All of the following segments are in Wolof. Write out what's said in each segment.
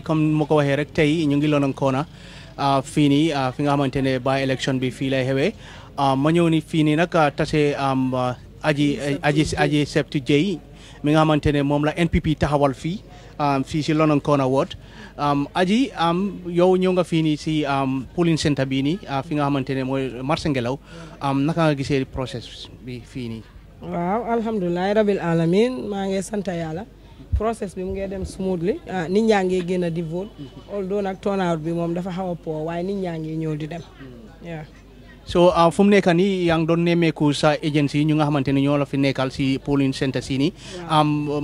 comme ma ko waxee rek tey ñu ngi Lononkoona ah, fii nii ah, fi nga xamante ne by election bi fii lay xewee ah, ma ñëw ni fii nii nag tase aji aji aji Sebtu Jey mi nga xamante ne moom la NPP taxawal fii fii si Lononkoona am aji yow ñëw nga fii nii si polling centre bii nii fi nga xamante ne mooy marché ngelaw naka nga gisee process bi fii nii waaw alhamdulilah rabil alamin maa ngi sant yàlla process bi mu ngee dem smoothly ah, ni ñaa ngee génn di vote mm-hmm. although nag turnout bi moom dafa xaw a poor waaye ni ñaa ngee ñëw di dem waaw mm-hmm. so ah, fu mu nekk nii yaa ngi doon nemmeeku sa agency ñu nga xamante ne ñoo la fi nekkal si polling center si nii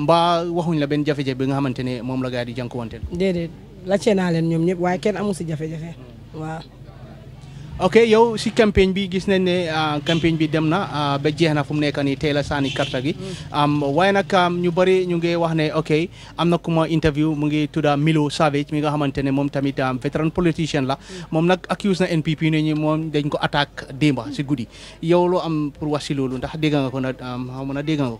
mbaa waxuñ la benn jafe-jafe bi nga xamante ne moom la gaa yi di jànkuwanteel déedéet laajte naa leen ñoom ñëpp waaye kenn amu si jafe-jafe mm-hmm. waaw ok yow si campagne bi gis nañ ne ah, campagne bi dem na ah, ba jeex na fu mu nekk nii tey la sànni karta gi mm. waaye nag ñu bëri ñu ngi wax ne ok am na ku ma interview mu ngi tudda Milo Savage mi nga xamante ne moom tamit vétéran politicien la mm. moom nag accuse na NPP ne ñu moom dañ ko attaque démba si guddi yow loo am pour wax si loolu ndax dégg nga ko nag xaw na dégg nga ko.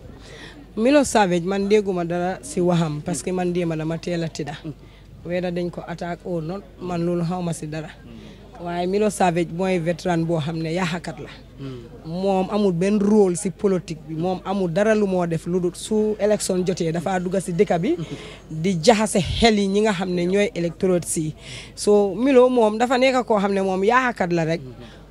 Milo Savage man dégguma dara si waxam parce que man démba dama teel a tida mm. weeda dañ ko attaque au not man loolu xaw ma si dara. waaye Milo Savage mooy vétéran boo xam ne yaaxakat la. moom amul benn rôle si politique bi moom amul dara lu moo def lu dul su élection jotee dafa dugg si dëkk bi. di jaxase xel yi ñi nga xam ne ñooy électorate si. soo Milo moom dafa nekk koo xam ne moom yaaxakat la rek.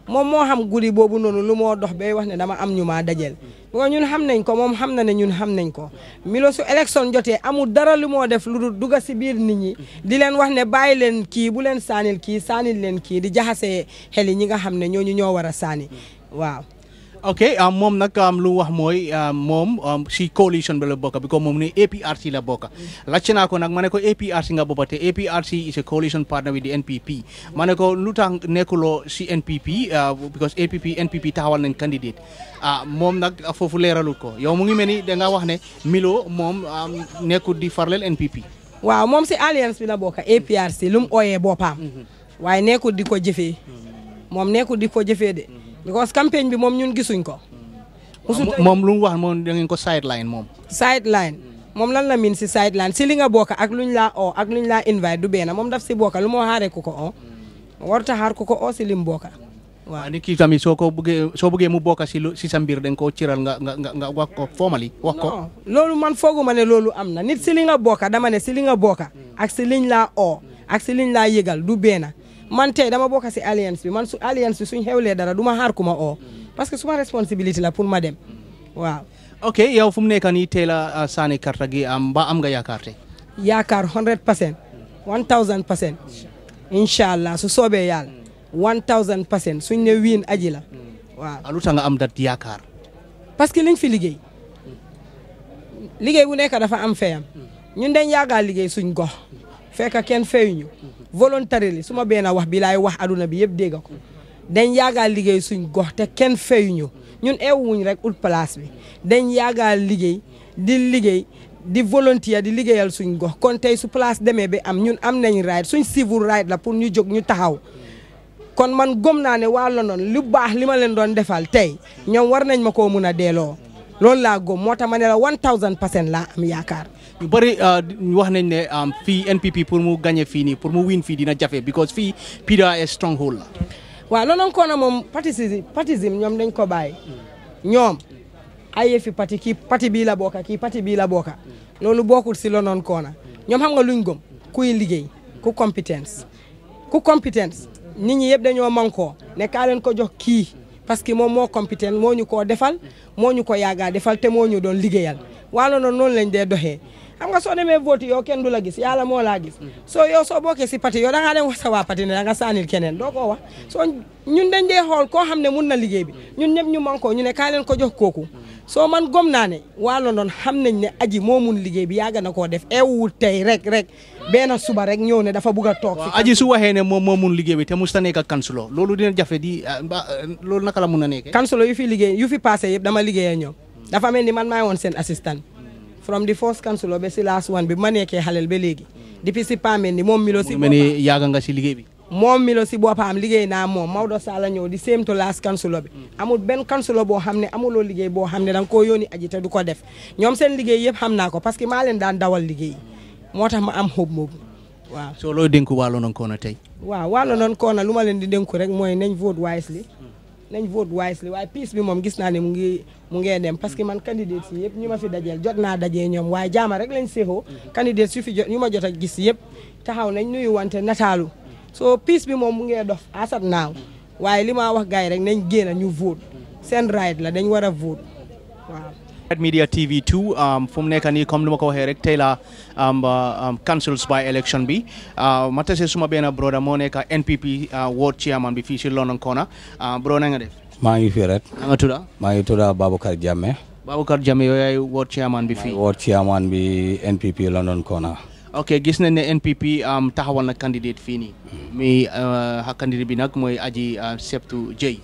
moom moo xam guddi boobu noonu lu moo dox bay wax ne dama am ñu maa dajeel boo ñun xam nañ ko moom xam na ne ñun xam nañ ko milo su élection jotee amul dara lu moo def lu dul dugga si biir nit ñi di leen wax ne bàyyi leen kii bu leen saanil kii saanil leen kii di jaxasee xel yi ñi nga xam ne ñooñu ñoo war a saani waaw ok moom nag lu wax mooy moom si coalition bi la bokk because moom ne APRC la bokk laajte naa ko nag ma ne ko APRC nga boppa te APRC is a coalition partner with the NPP ma ko lu tax nekkuloo si NPP ah, because APP NPP taxawal nañ candidate ah moom nag foofu leeralut ko yow mu ngi mel ni danga wax ne Milo moom nekkul di farleel NPP waaw moom si alliance bi la bokk APRC lu mu ooyee boppam mm-hmm. waaye nekkul di ko jëfee mm-hmm. moom nekkul di ko jëfee de because campagne bi moom ñun gisuñ ko. Ah, moom lu mu wax moom da ngeen ko sideline moom. sideline moom lan la min si sideline si li nga bokk ak luñ laa oo ak luñ laa invite du benn moom daf si bokk lu moo ku ko oo warut a ko oo si lim waa waaw ah, nit ki tamit soo ko bëggee soo bëggee mu bokk si lu si sa mbir da nga koo ciral nga nga nga wax ko formally wax ko. loolu man fooguma ne loolu am na nit si li nga bokk dama ne si li nga bokk ak si liñ laa oo ak si laa yëgal du benn. man tey dama bokk si alliance bi man su alliance bi suñ xewlee dara duma ma xaar ku oo parce que suma responsabilité la pour ma dem waa ok yow fu mu nekk nii tey la uh, sànni karta gi am ba am nga yaakaar tey. yaakaar 100 percent 1000 percent incha allah su soobee yàlla 1000 percent suñ ne wiin aji la waaw. Ah, lu tax nga am dat yaakaar. parce que liñ fi liggéey liggéey bu nekk dafa am feyam ñun dañ yaakaar liggéey suñ gox. fekk kenn fayuñu volontaire li su ma benn wax bi laay wax aduna bi yëpp dégg ko dañ yaagaa liggéey suñ gox te kenn fayuñu ñun eewuñ rek ut place bi dañ yaagaa liggéey di liggéey di volontaire di liggéeyal suñ gox kon tey su place demee bi am ñun am nañ right suñ civil right la pour ñu jóg ñu taxaw kon man gom naa ne waa London lu baax li ma leen doon defal tey ñoom war nañ ma koo mun a delloo loolu laa gom moo ta ma ne la 1000 laa am yaakaar ñu bëri euh, wax nañ ne fii NPP pour mu gagné fii nii pour mu win fii dina jafe because fii PDRS stronghold la. waaw loolu koona moom partisisme partisisme ñoom dañ ko bàyyi. ñoom ay yëfi parti kii pati bii la bokka kii parti bii la bokka loolu bokkul si lonoon koona ñoom xam nga luñ gëm kuy liggéey ku compétence ku compétence nit ñi yëpp dañoo mankoo ne kaa ko jox kii parce que moom moo compétent moo ñu koo defal moo ñu ko yaagaa defal te moo ñu doon liggéeyal waalo noonu noonu lañ dee doxee xam nga soo demee vote yow kenn du la gis yàlla moo laa gis mm-hmm. soo yow soo bokkee si parti yow da ngaa dem wax sa waa parti ne da nga saanil keneen doo ko wax mm-hmm. soo ñun dañ dee xool koo xam ne mun na liggéey bi mm-hmm. ñun ñëpp ñu man koo ñu ne kaa leen ko jox kooku soo man gom naa ne waa London xam nañ ne aji moo mun liggéey bi yàgg na koo def eewul tey rek rek benn suba rek ñëw ne dafa bugg a toog. waaw aji su waxee ne moom moo mun liggéey bi te mu sa nekk ak kansulo loolu dina jafe di ah, loolu naka la mun a nekkee. kansulo yu fi liggéey yu fi passé yëpp dama liggéeyee ñoom. dafa mel ni man maay woon seen assistant. from the first council ba si last one bi bu ma nekkee xaleel ba léegi. depuis si Pameen ni moom mi la si. boppam mu yàgg nga si liggéey bi. moom la si boppam liggéey naa moom di séem to last council bi. Mm. amul benn council boo xam ne amuloo liggéey boo xam ne da nga koo yónni aji te du ko def ñoom seen liggéey yëpp xam naa ko parce que maa leen daan dawal liggéey moo tax ma am xob moomu waaw. soo looy dénku Waalo Nonkoona tey. waaw Waalo Nonkoona lu ma leen di dénku rek mooy nañ vote li nañ vote wisely waaye peace bi moom gis naa ne mu ngi mu ngee dem parce que man candidate yi yëpp ñu ma fi dajeel jot naa dajee ñoom waaye jaama rek lañ séexoo candidate su fi jot ñu ma jot a gis yëpp taxaw nañ nuyu wante nataalu soo peace bi moom mu ngee dof asat naaw waaye li ma wax gars yi rek nañ génn ñu vote seen right la dañ war a vote Red Media TV 2 um, fu mu nekk nii comme lu ma ko waxee rek tey la um, um, councils by election bi uh, ma tase suma benn broda moo nekk NPP uh, ward chairman bi fii si London Corner uh, broda nga def. maa ngi fi rek. nga tudd. maa ngi tudd Babacar Jammeh. Babacar Jammeh yow yaay ward chairman bi fii. ward chairman bi NPP London Corner. ok gis nañ ne NPP taxawal na candidate fii nii. muy mm-hmm. candidate bi nag mooy Aji Septu Jey.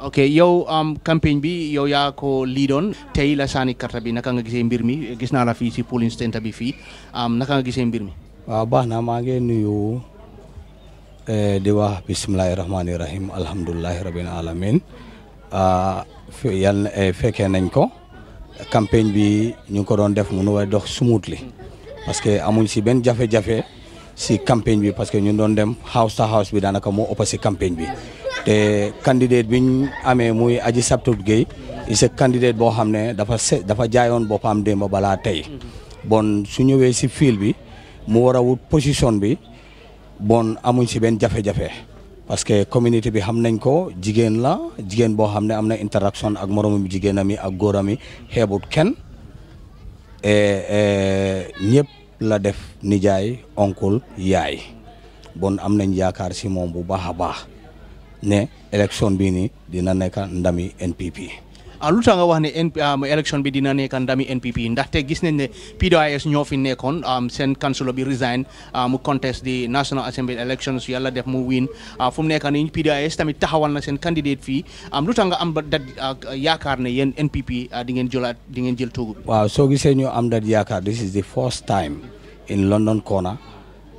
ok yow um, campagne bi yow yaako ko lii doon tey la sànni karta bi naka nga gisee mbir mi gis naa la fii si polling center bi fii um, naka nga gisee mbir mi. waaw baax na maa ngi nuyu eh, di wax bisimilahi rahmaani rahim alhamdulilahi rabbil alamin ah, yàlla eh, fekkee nañ ko campagne bi ñu ngi ko doon def mënu way dox sumuut li parce que amuñ si benn jafe-jafe. si campagne bi parce que ñu doon dem house to house bi daanaka moo ëpp si campagne bi te candidate biñ amee muy Aji Sabtut Gueye is a candidate boo xam ne dafa se dafa jaayoon boppam démb balaa tey bon su ñëwee si fiil bi mu war a wut position bi bon amuñ si benn jafe-jafe parce que communauté bi xam nañ ko jigéen la jigéen boo xam ne am na interaction ak moromam jigéenam yi ak góoram yi xeebut kenn ñëpp la def nijaay oncle yaay bon am nañ yaakaar si moom bu baax a baax ne élection bii nii dina nekk ndami NPP. lu tax nga wax ne NP élection bi dina nekk ndami NPP ndaxte gis nañ ne PDOIS ñoo fi nekkoon seen councilor bi resign mu contest di National Assembly elections yàlla def mu win fu mu nekk nii PDOIS tamit taxawal na seen candidate fii lu tax nga am dat yaakaar ne yéen NPP di ngeen jëlaat di ngeen jël toogu bi. waaw soo gisee ñu am dat yaakaar this is the first time in London Corner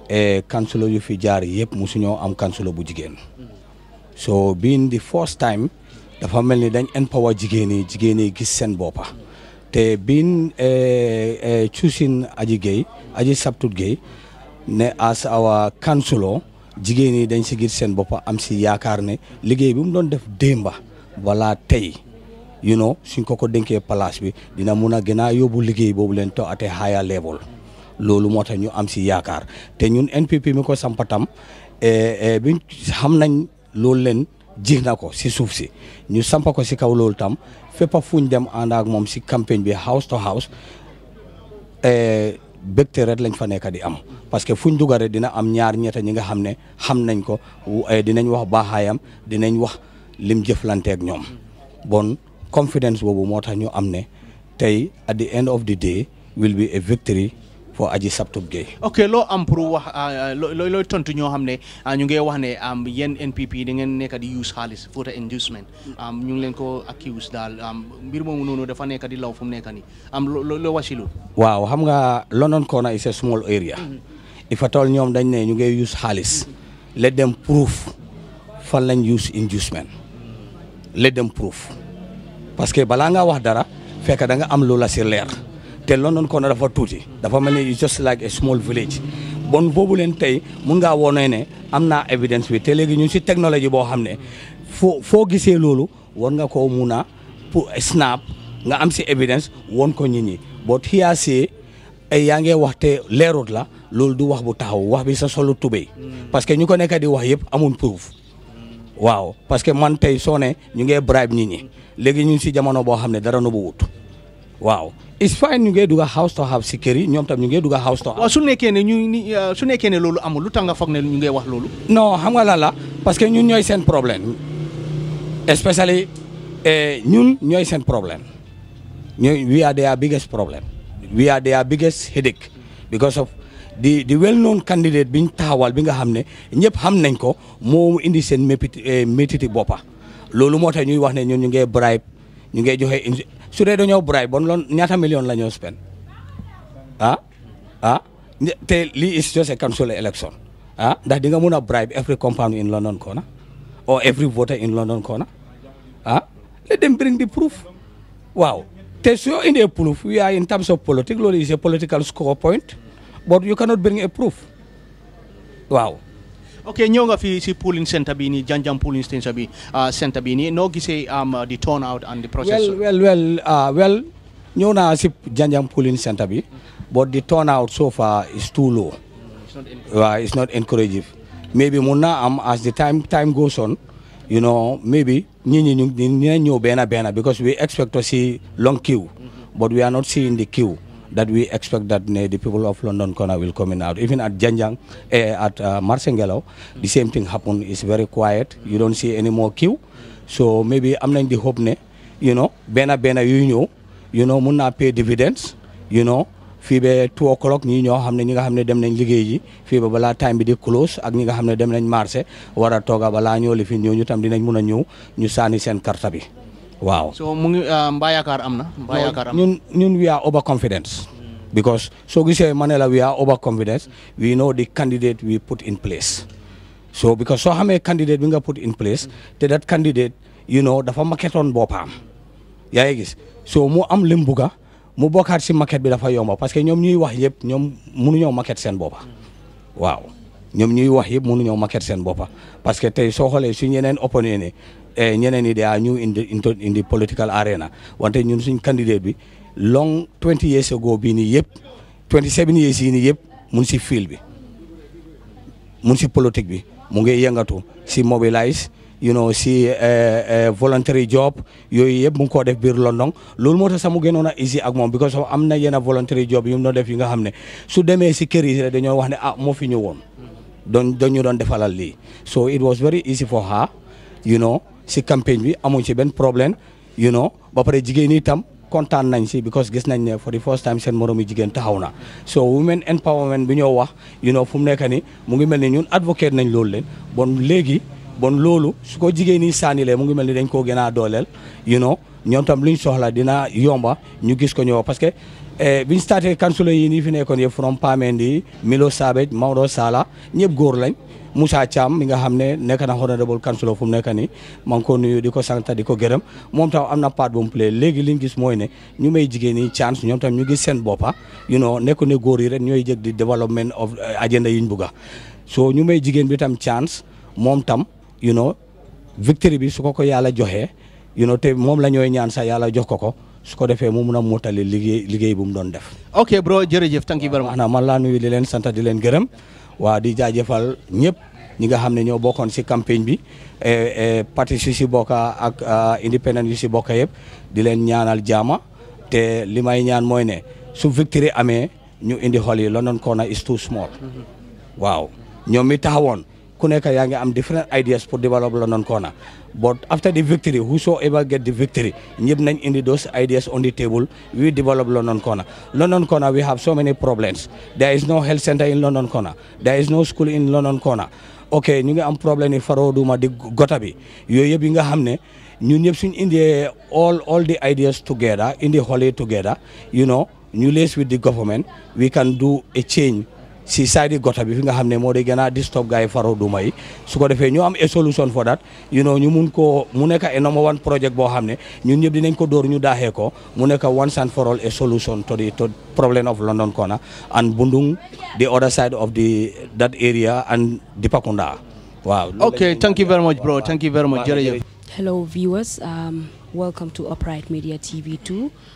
e, councilor yu fi jaar yëpp musuñoo am councilor bu jigéen dafa mel ni dañ empower jigéen yi jigéen yi gis seen boppa te bin cuusin eh, eh, aji Gueye aji Sabtut Gueye ne as our councilor jigéen yi dañ si gis seen boppa am si yaakaar ne liggéey bi mu doon def démba wala tey you know suñ ko ko dénkee place bi dina mun a gën a yóbbu liggéey boobu leen to at a higher level loolu moo tax ñu am si yaakaar te ñun NPP mi ko sampatam eh, biñ xam nañ loolu leen ji na ko si suuf si ñu sampa ko si kaw loolu tam fépp fu ñu dem ànd ak moom si campagne bi house to house eh, bégte rek lañ fa nekk di am parce que fuñ dugare dina am ñaar ñetta ñi nga xam ne xam nañ ko eh, dinañ wax baaxaayam dinañ wax lim jëflanteeg ñoom bon confidence boobu moo tax ñu am ne tey at the end of the day will be a victory fo aji sabtub gay ok loo am pour wax ah, ah, looy tontu ñoo xam ne ah, ñu ngi wax ne am yéen NPP da ngeen nekk di use xaalis voter inducement am ñu ngi leen ko accuse dal am mbir moomu noonu dafa nekk di law fu mu nekk nii am lo wasi lu waaw xam nga London Corner is a small area mhm. ifa tool ñoom dañ ne ñu ngi use xaalis let them proof fan lañ use inducement let them proof parce que balaa nga wax dara fekk da nga am loola si leer te London Corner dafa tuuti dafa mel ni just like a small village bon boobu leen tey mun ngaa woonee ne am naa évidence bi te léegi ñu si technologie boo xam ne foo foo gisee loolu war nga ko mun a pour snap nga am si évidence woon ko nit ñi boo xiyaasee ay yaa ngee wax te leerut la loolu du wax bu taxaw wax bi sa solu tubéy parce que ñu ko nekk di wax yëpp amul proof waaw parce que man tey soo ne ñu ngee bribe nit ñi léegi ñu si jamono boo xam ne dara nu bu wut waaw it's fine ñu ngee dugg house to house si kër yi ñoom tam ñu ngee dugg house to house. waaw su nekkee ne ñu euh, su nekkee loolu amul lu tax nga foog ne ñu ngee wax loolu. non xam nga lan la parce que ñun ñooy seen problème especially eh, ñun ñooy seen problème ñooy we are their biggest problem. we are their biggest headache because of di di well known candidate bi ñu taxawal bi nga xam ne ñëpp xam nañ ko moo indi seen métiti eh, métiti boppa loolu moo tax ñuy wax ne ñun ñu ngee bribe. ñu ngay joxe in su dee dañoo braay bon loon ñaata million la ñoo spend ah ah te lii is just a council election ah ndax di nga mun a bribe every company in London corner or every voter in London corner ah let them bring the proof waaw te soo indee proof we are in terms of politics loolu is a political score point but you cannot bring a proof waaw ok ñëw nga fi si polling centre bi nii Janjang polling centre bi ah, centre bi nii noo gisee di uh, turn out and the process. well well well ah, ñëw naa si Janjang polling centre bi but the turn out so far is too low. Mm, waaw it's not encouraging. maybe mun naa am as the time time goes on you know maybe ñi ñi ñu dina ñëw benn benn because we expect to see long queue mm-hmm. but we are not seeing the queue. that we expect that uh, the people of London corner will come in out. Even at Janjang, uh, eh, at uh, Marsengelo, the same thing happened. It's very quiet. You don't see any more queue. So maybe I'm not the hope, ne, you know, bena bena you know, you know, mun na pay dividends, you know, fii ba 2 o'clock ñii ñoo xam ne ñi nga xam ne dem nañ liggéey ji fii ba balaa time bi di close ak ñi nga xam ne dem nañ marché war a tooga balaa ñoo li fi ñooñu tam dinañ mun a ñëw ñu saani seen carte bi waaw so mu ngi ah, mbaa yaakaar am na. mbaa yaakaar ñun ñun we are over confidence. Hmm. because soo gisee ma la we are over confidence we know the candidate we put in place. so soo xamee candidate bi nga put in place te that candidate you know dafa maquettoon boppam yaa ngi gis so mu am lim buga mu bokkaat si maquette bi dafa yomba parce que ñoom ñuy wax yëpp ñoom mënuñoo maquette seen boppa hmm. waaw. ñoom ñuy wax yëpp mënuñoo maquette seen boppa parce que tey soo xoolee si ñeneen opponent ne eh, ñeneen yi daa ñu indi indi political arena wante ñun suñ candidat bi long 20 years ago bii nii yëpp 27 years yi nii yëpp mun si fiil bi mun si politique bi mu ngi yëngatu si mobilise you know si eh, eh, voluntary job yooyu yëpp mu ngi koo def biir London loolu moo tax sax mu gënoon a easy ak moom because am na yenn voluntary job yu mu def yi nga xam ne su demee si kër yi dañoo wax ne ah moo fi ñëwoon doon doon ñu doon defalal lii so it was very easy for her you know si campagne bi amuñ si benn problème yu know ba pare jigéen yi tam kontaan nañ si because gis nañ ne for the first time seen moromi jigéen taxaw na so women empowerment bu ñoo wax you know fu mu nekk ni mu ngi mel ni ñun advocate nañ loolu leen bon léegi bon loolu su ko jigéen yi sànnilee mu ngi mel ni dañ koo gën a dooleel you ñoom tam lu ñu soxla dina yomba ñu gis ko ñëw parce que eh, bi ñu starté kansula yi nii fi nekkoon yëpp from Pamendi Milo Sabet Maodo saala ñëpp góor lañ Moussa Thiam mi nga xam ne nekk na honorable councilor fu mu nekk nii maa ngi ko nuyu di ko sant di ko gërëm moom tam am na part bu mu play léegi li ñu gis mooy ne ñu may jigéen ñi chance ñoom tam ñu gis seen boppa yu noo nekku ne góor yi rek ñooy jëg di development of eh, agenda yi ñu bugga so ñu may jigéen bi tam chance moom tam you know bi su ko ko yàlla joxee you know te moom la ñooy ñaan sax yàlla jox ko ko su ko defee mu mun a mottali liggéey liggéey bu mu doon def. ok bro jërëjëf thank you very much. man laa nuyu di leen sant di leen gërëm waa di jaajëfal ñëpp ñi nga xam ne ñoo bokkoon si campagne bi e, e, partis yu si bokk ak indépendant yu si bokk yëpp di leen ñaanal jaama te li may ñaan mooy ne su victoire amee ñu indi xol yi London corner is too small mm-hmm. waaw ñoom mi Kuneka ngi am different ideas for develop London corner. But after the victory, whosoever get the victory, nañ indi those ideas on the table, we develop London corner. London corner, we have so many problems. There is no health center in London corner. There is no school in London corner. ok ñu ngi am problème yi faroo duma di gota bi yooyu yëpp yi nga xam ne ñun ñëpp suñ indee all all the ideas together indi xool yi together you know ñu lees with the government we can si side gota bi fi nga xam ne moo di gën a disturb gars yi faro duma yi su ko defee ñu am a solution for that you know ñu mun koo mu nekk a number one project boo xam ne ñun ñëpp dinañ ko dóor ñu daaxee ko mu nekk once and for all a solution to the problem of London Corner and Bundung the other side of the that area and Dipakunda waaw. thank you very much bro thank you very much jërëjëf. hello viewers um, welcome to Upright Media TV 2.